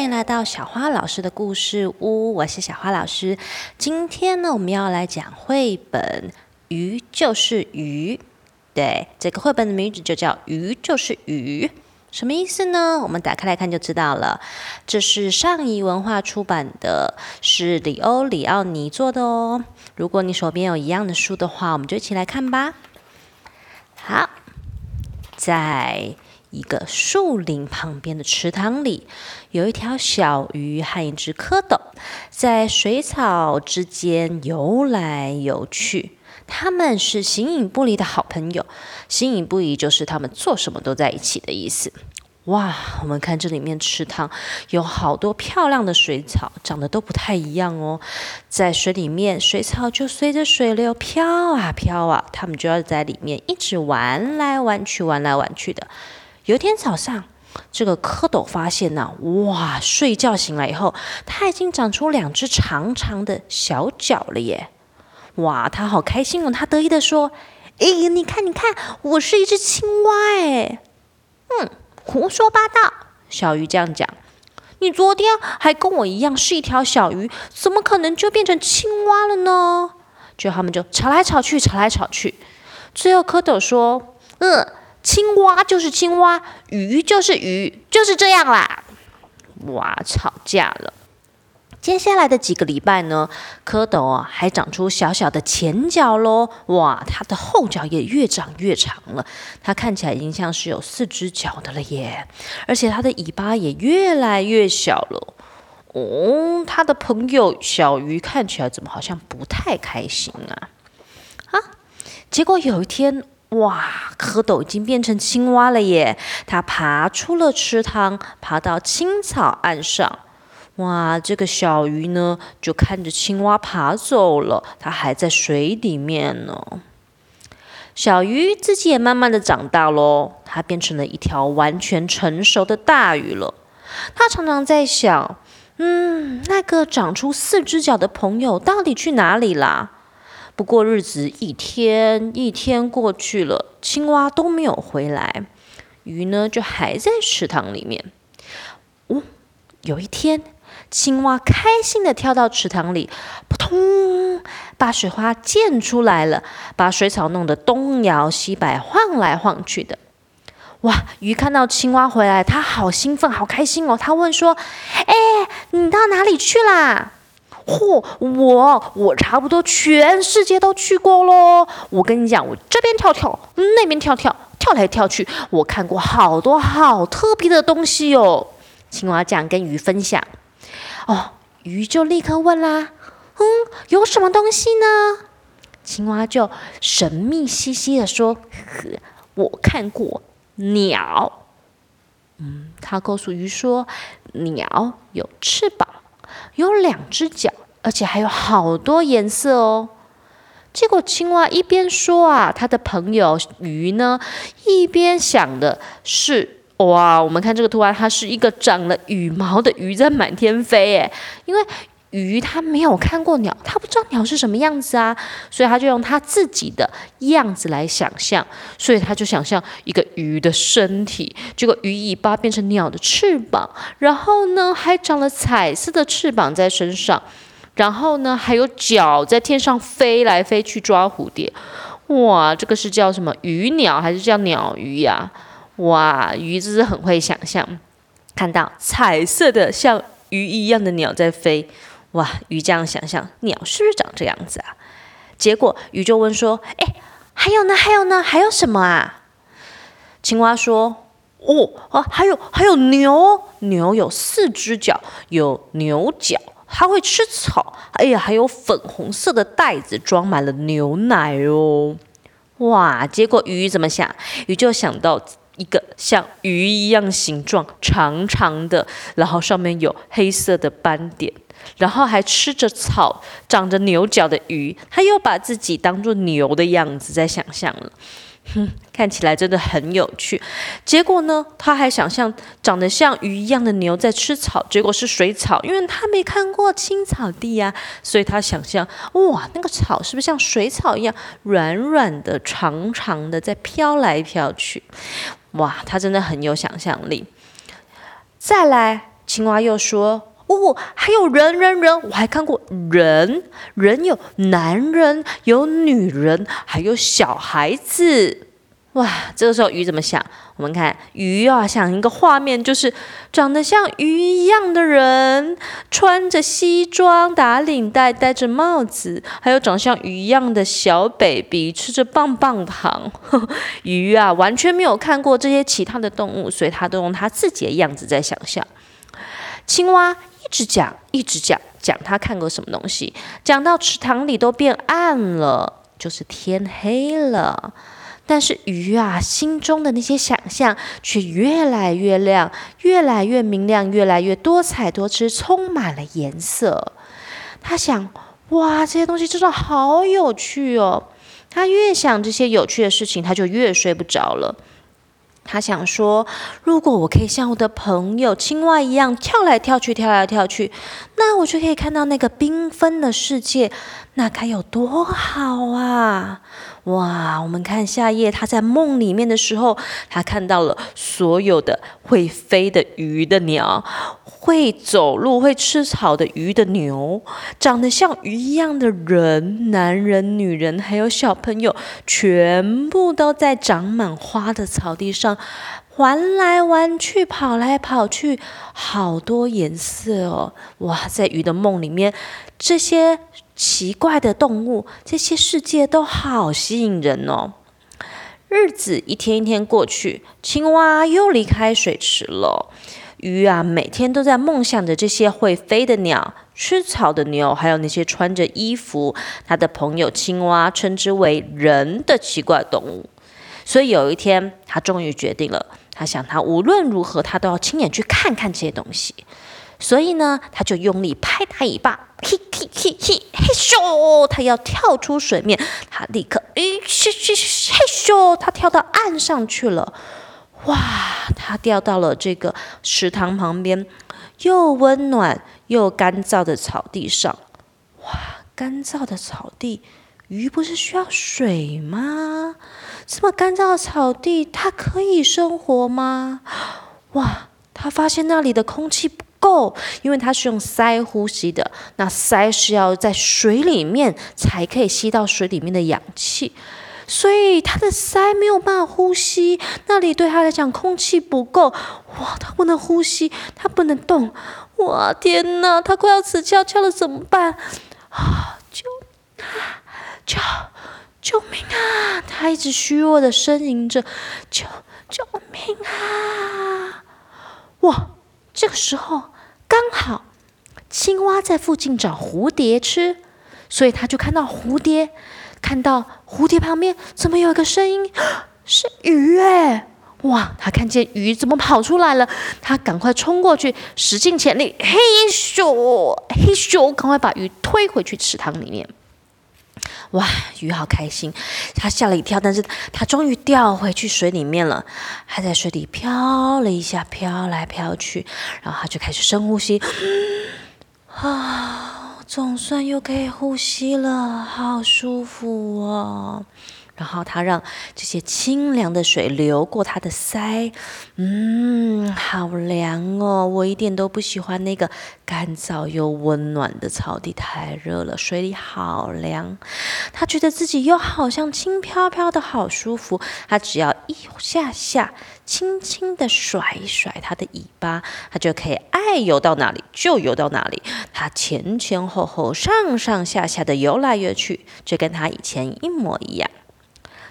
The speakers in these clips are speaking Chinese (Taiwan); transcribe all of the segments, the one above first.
歡迎來到小花老師的故事屋，我是小花老師。今天呢，我們要來講繪本《魚就是魚》。對，這個繪本的名字就叫《魚就是魚》，什麼意思呢？我們打開來看就知道了。這是上誼文化出版的，是李歐李奧尼做的哦。如果你手邊有一樣的書的話，我們就一起來看吧。好，在。一個樹林旁邊的池塘裡，有一條小魚和一隻蝌蚪在水草之間游來游去。他們是形影不離的好朋友，形影不離就是他們做什麼都在一起的意思。哇，我們看這裡面池塘有好多漂亮的水草，長得都不太一樣哦。在水裡面，水草就隨着水流飄啊飄啊，它們就要在裡面一直玩來玩去，玩來玩去的。有一天早上，這個蝌蚪發現呢，啊，哇！睡覺醒來以後，它已經長出兩只長長的小腳了耶！哇，它好開心哦！它得意地說：“哎，你看，你看，我是一只青蛙耶！”哎，嗯，胡說八道！小魚這樣講：“你昨天還跟我一樣是一條小魚，怎麼可能就變成青蛙了呢？”就他們就吵來吵去，吵來吵去。最後，蝌蚪說：“嗯。”青蛙就是青蛙，魚就是魚，就是這樣啦。哇，吵架了！接下來的幾個禮拜呢，蝌蚪啊，還長出小小的前腳嘍。哇，它的後腳也越長越長了，它看起來已經像是有四隻腳的了耶。而且它的尾巴也越來越小了。哦，它的朋友小魚看起來怎麼好像不太開心啊？啊，結果有一天，哇，蝌蚪已經變成青蛙了耶！它爬出了池塘，爬到青草岸上。哇，這個小魚呢，就看着青蛙爬走了，它還在水裡面呢。小魚自己也慢慢的長大嘍，它變成了一條完全成熟的大魚了。它常常在想，嗯，那個長出四隻腳的朋友到底去哪裡啦？不過日子一天一天過去了，青蛙都沒有回來，魚呢就還在池塘裡面。哦，有一天，青蛙開心地跳到池塘裡，撲通，把水花濺出來了，把水草弄得東搖西擺，晃來晃去的。哇，魚看到青蛙回來，它好興奮，好開心哦。它問說：“哎，你到哪裡去啦？”嚯、哦，我我差不多全世界都去過咯，我跟你講，我這邊跳跳，那邊跳跳，跳來跳去，我看過好多好特別的東西喲、哦。青蛙這樣跟魚分享，哦，魚就立刻問啦：“嗯，有什麼東西呢？”青蛙就神秘兮兮的說呵：“我看過鳥。”嗯，他告訴魚說：“鳥有翅膀，有兩只腳。”而且還有好多顏色哦。結果青蛙一邊說啊，它的朋友魚呢，一邊想的是：哇，我們看這個圖案，它是一個長了羽毛的魚在滿天飛。哎，因為魚它沒有看過鳥，它不知道鳥是什麼樣子啊，所以它就用它自己的樣子來想象。所以它就想象一個魚的身體，結果魚尾巴變成鳥的翅膀，然後呢，還長了彩色的翅膀在身上。然後呢，還有鳥在天上飛來飛去抓蝴蝶，哇！這個是叫什麼魚鳥，還是叫鳥魚呀？啊？哇，魚真是很會想象，看到彩色的像魚一樣的鳥在飛，哇！魚這樣想象，鳥是不是長這樣子啊？結果魚就問說：“哎，還有呢？還有呢？還有什麼啊？”青蛙說：“哦哦、啊，還有還有牛，牛有四隻腳，有牛角。”它會吃草，哎呀，還有粉紅色的袋子裝滿了牛奶哦，哇！結果魚怎麼想？魚就想到一個像魚一樣形狀、長長的，然後上面有黑色的斑點，然後還吃着草、長着牛角的魚，它又把自己當做牛的樣子在想象了。哼，看起來真的很有趣。結果呢，他還想象長得像魚一樣的牛在吃草，結果是水草，因為他沒看過青草地呀，啊，所以他想象，哇，那個草是不是像水草一樣軟軟的，長長的，在飄來飄去？哇，他真的很有想象力。再來，青蛙又說。哦，還有人人人，我還看過人人，有男人，有女人，還有小孩子。哇，這個時候魚怎麼想？我們看魚啊，想一個畫面，就是長得像魚一樣的人，穿着西裝、打領帶、戴着帽子，還有長得像魚一樣的小 baby，吃着棒棒糖呵呵。魚啊，完全沒有看過這些其他的動物，所以他都用它自己的樣子在想象青蛙，一直講，一直講，講他看過什麼東西。講到池塘裡都變暗了，就是天黑了。但是魚啊，心中的那些想象卻越來越亮，越來越明亮，越來越多彩多姿，充滿了顏色。他想，哇，這些東西真的好有趣哦。他越想這些有趣的事情，他就越睡不着了。他想說：“如果我可以像我的朋友青蛙一樣跳來跳去，跳來跳去，那我就可以看到那個繽紛的世界，那該有多好啊！”哇，我們看下一頁，他在夢裡面的時候，他看到了所有的會飛的魚的鳥，會走路會吃草的魚的牛，長得像魚一樣的人，男人、女人，還有小朋友，全部都在長滿花的草地上。玩來玩去，跑來跑去，好多顏色哦！哇，在魚的夢裡面，這些奇怪的動物，這些世界都好吸引人哦。日子一天一天過去，青蛙又離開水池了。魚啊，每天都在夢想着這些會飛的鳥、吃草的牛，還有那些穿着衣服、他的朋友青蛙稱之為人的奇怪動物。所以有一天，他終於決定了。他想，他無論如何，他都要親眼去看看這些東西。所以呢，他就用力拍打尾巴，嘿，嘿，嘿，嘿，嘿咻！他要跳出水面，他立刻，嘿咻，嘿咻，他跳到岸上去了。哇！他掉到了這個池塘旁邊又溫暖又乾燥的草地上。哇！乾燥的草地。魚不是需要水嗎？這麼乾燥的草地，它可以生活嗎？哇！它發現那裡的空氣不夠，因為它是用鰓呼吸的，那鰓是要在水裡面才可以吸到水裡面的氧氣，所以它的鰓沒有辦法呼吸，那裡對它來講空氣不夠。哇！它不能呼吸，它不能動。哇！天哪，它快要死翹翹了，怎麼辦？啊！他一直虛弱的呻吟着，救救命啊！哇，這個時候剛好青蛙在附近找蝴蝶吃，所以他就看到蝴蝶，看到蝴蝶旁邊怎麼有一個聲音？是魚哎、欸！哇，他看見魚怎麼跑出來了？他趕快衝過去，使勁全力，嘿咻嘿咻，趕快把魚推回去池塘裡面。哇，魚好開心，它嚇了一跳，但是它終於掉回去水裡面了。它在水裡飄了一下，飄來飄去，然後它就開始深呼吸，啊，總算又可以呼吸了，好舒服哦。然後他讓這些清涼的水流過他的腮，嗯，好涼哦！我一點都不喜歡那個乾燥又溫暖的草地，太熱了。水裡好涼，他覺得自己又好像輕飄飄的，好舒服。他只要一下下輕輕地甩一甩他的尾巴，他就可以愛游到哪裡就游到哪裡。他前前後後、上上下下的游來游去，就跟他以前一模一樣。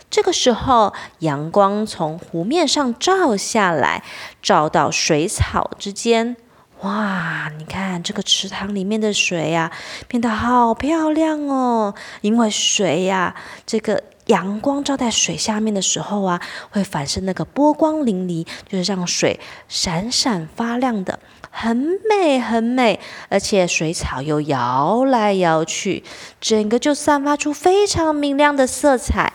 這個時候，陽光從湖面上照下來，照到水草之間。哇，你看這個池塘裡面的水呀，變得好漂亮哦！因為水呀，這個陽光照在水下面的時候啊，會反射那個波光粼粼，就是讓水閃閃發亮的，很美很美。而且水草又搖來搖去，整個就散發出非常明亮的色彩。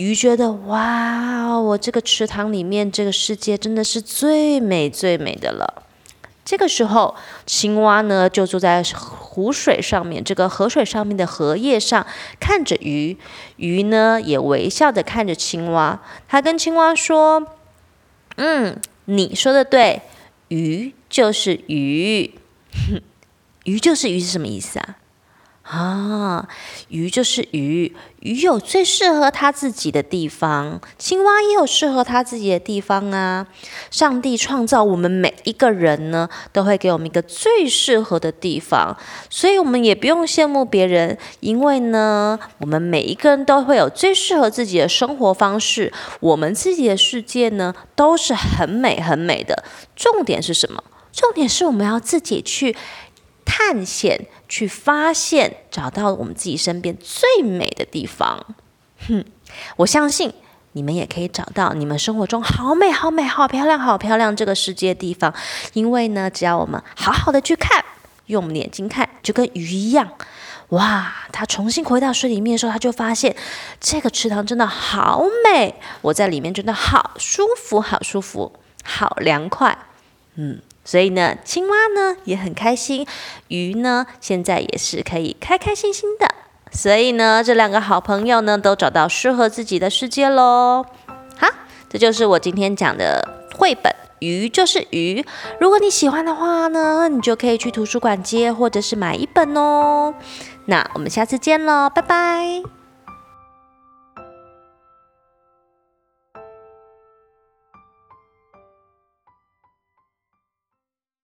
魚覺得，哇，我這個池塘裡面這個世界真的是最美最美的了。這個時候，青蛙呢就坐在湖水上面，這個河水上面的荷葉上，看着魚。魚呢也微笑的看着青蛙，它跟青蛙說：“嗯，你說的對，魚就是魚，魚就是魚是什麼意思啊？”啊，魚就是魚，魚有最適合他自己的地方，青蛙也有適合他自己的地方啊。上帝創造我們每一個人呢，都會給我們一個最適合的地方，所以我們也不用羨慕別人，因為呢，我們每一個人都會有最適合自己的生活方式。我們自己的世界呢，都是很美很美的。重點是什麼？重點是我們要自己去。探險，去發現，找到我們自己身邊最美的地方。哼，我相信你們也可以找到你們生活中好美、好美、好漂亮、好漂亮這個世界的地方。因為呢，只要我們好好的去看，用我們眼睛看，就跟魚一樣。哇，它重新回到水裡面的時候，它就發現這個池塘真的好美。我在裡面真的好舒服、好舒服、好涼快。嗯。所以呢，青蛙呢也很開心，魚呢現在也是可以開開心心的。所以呢，這兩個好朋友呢都找到適合自己的世界嘍。好，這就是我今天講的繪本《魚就是魚》。如果你喜歡的話呢，你就可以去圖書館借，或者是買一本哦。那我們下次見嘍，拜拜。